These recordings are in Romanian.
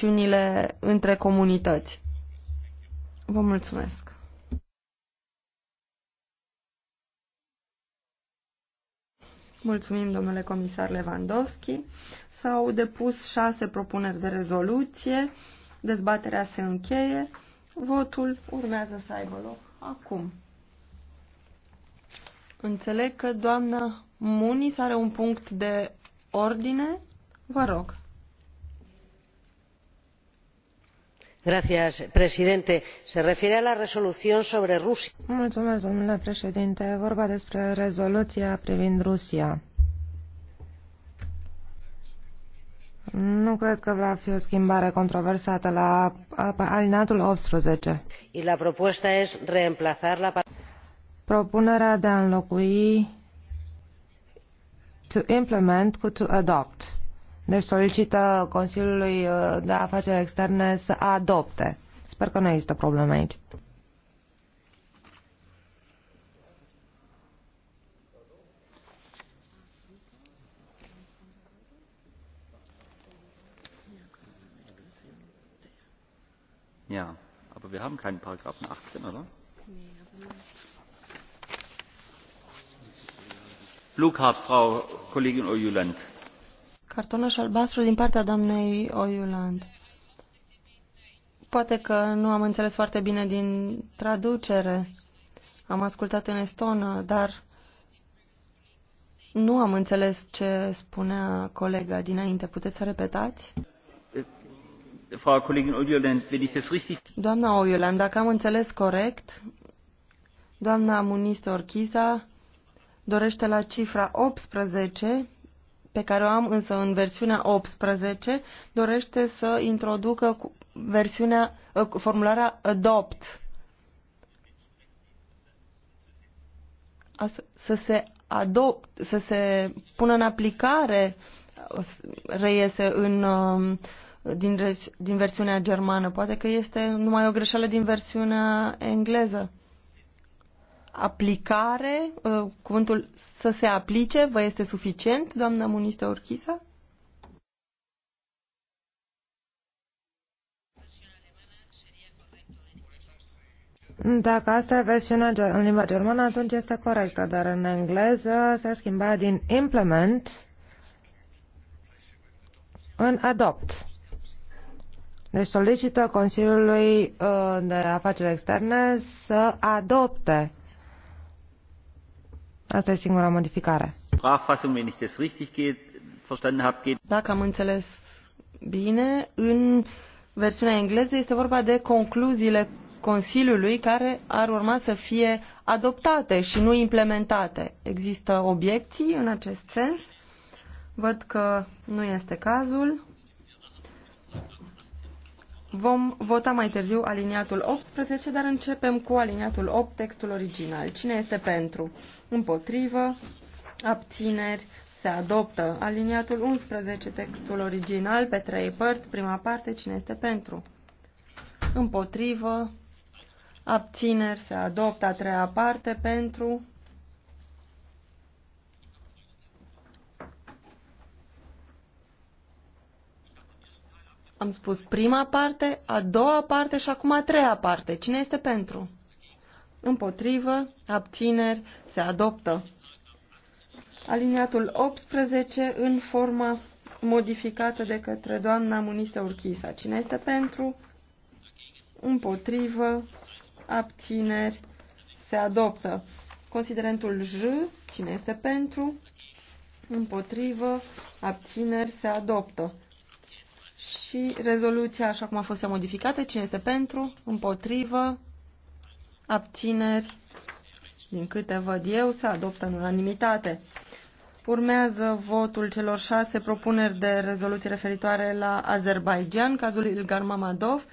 tensiunile între comunități. Vă mulțumesc! Mulțumim, domnule comisar Lewandowski. S-au depus șase propuneri de rezoluție. Dezbaterea se încheie. Votul urmează să aibă loc acum. Înțeleg că doamna Munis are un punct de ordine. Vă rog. señor presidente se refiere a la resolución sobre rusia. domnule președinte vorba despre rezoluția privind rusia. nu cred că va fi o schimbare controversată la alineatul optsprezece. propunerea de a înlocui to implement cu to adopt deci solicită Consiliului uh, de Afaceri Externe să adopte. Sper că nu există probleme aici. Ja, aber wir haben keinen Paragraphen 18, oder? Blue Flughaft, Frau Kollegin Ojuland Cartonaș albastru din partea doamnei Oiuland. Poate că nu am înțeles foarte bine din traducere. Am ascultat în estonă, dar nu am înțeles ce spunea colega dinainte. Puteți să repetați? Doamna Oiuland, dacă am înțeles corect, doamna Muniste Orchiza dorește la cifra 18 pe care o am însă în versiunea 18 dorește să introducă versiunea, ă, formularea adopt. Să se, adopt, să se pună în aplicare reiese în, ă, din, din versiunea germană. Poate că este numai o greșeală din versiunea engleză aplicare, uh, cuvântul să se aplice, vă este suficient, doamna Muniste Orchisa? Dacă asta e versiunea în limba germană, atunci este corectă, dar în engleză s-a schimbat din implement în adopt. Deci solicită Consiliului uh, de Afaceri Externe să adopte Asta e singura modificare. Dacă am înțeles bine, în versiunea engleză este vorba de concluziile Consiliului care ar urma să fie adoptate și nu implementate. Există obiecții în acest sens? Văd că nu este cazul. Vom vota mai târziu aliniatul 18, dar începem cu aliniatul 8, textul original. Cine este pentru? Împotrivă? Abțineri? Se adoptă aliniatul 11, textul original, pe trei părți, prima parte, cine este pentru? Împotrivă? Abțineri? Se adoptă a treia parte, pentru? Am spus prima parte, a doua parte și acum a treia parte. Cine este pentru? Împotrivă, abțineri, se adoptă. Aliniatul 18 în forma modificată de către doamna Muniste Urchisa. Cine este pentru? Împotrivă, abțineri, se adoptă. Considerentul J, cine este pentru? Împotrivă, abțineri, se adoptă. Și rezoluția așa cum a fost ea modificată, cine este pentru, împotrivă, abțineri, din câte văd eu, se adoptă în unanimitate. Urmează votul celor șase propuneri de rezoluție referitoare la Azerbaijan, cazul Ilgar Mamadov.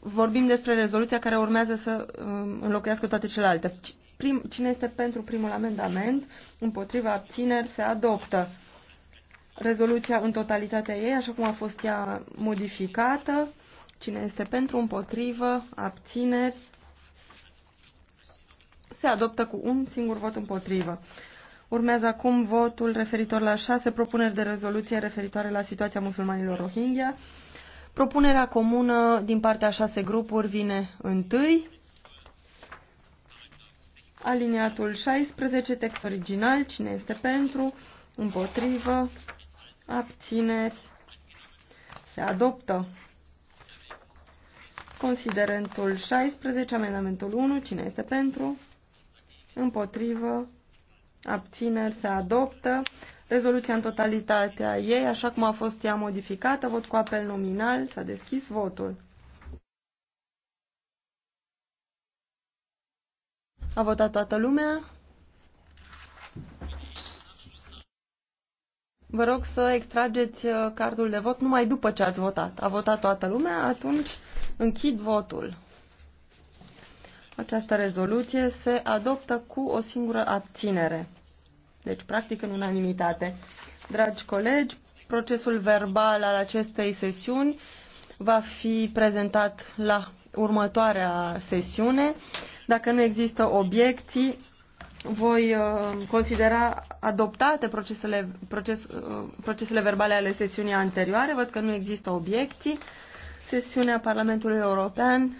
Vorbim despre rezoluția care urmează să um, înlocuiască toate celelalte. Prim, cine este pentru primul amendament? Împotriva abțineri se adoptă. Rezoluția în totalitatea ei, așa cum a fost ea modificată. Cine este pentru, împotrivă, abțineri, se adoptă cu un singur vot împotrivă. Urmează acum votul referitor la șase propuneri de rezoluție referitoare la situația musulmanilor Rohingya. Propunerea comună din partea șase grupuri vine întâi. Aliniatul 16, text original, cine este pentru, împotrivă, abțineri, se adoptă. Considerentul 16, amendamentul 1, cine este pentru, împotrivă, abțineri, se adoptă. Rezoluția în totalitatea ei, așa cum a fost ea modificată, vot cu apel nominal, s-a deschis votul. A votat toată lumea. Vă rog să extrageți uh, cardul de vot numai după ce ați votat. A votat toată lumea, atunci închid votul. Această rezoluție se adoptă cu o singură abținere. Deci, practic, în unanimitate. Dragi colegi, procesul verbal al acestei sesiuni va fi prezentat la următoarea sesiune. Dacă nu există obiecții, voi uh, considera adoptate procesele, proces, uh, procesele verbale ale sesiunii anterioare. Văd că nu există obiecții. Sesiunea Parlamentului European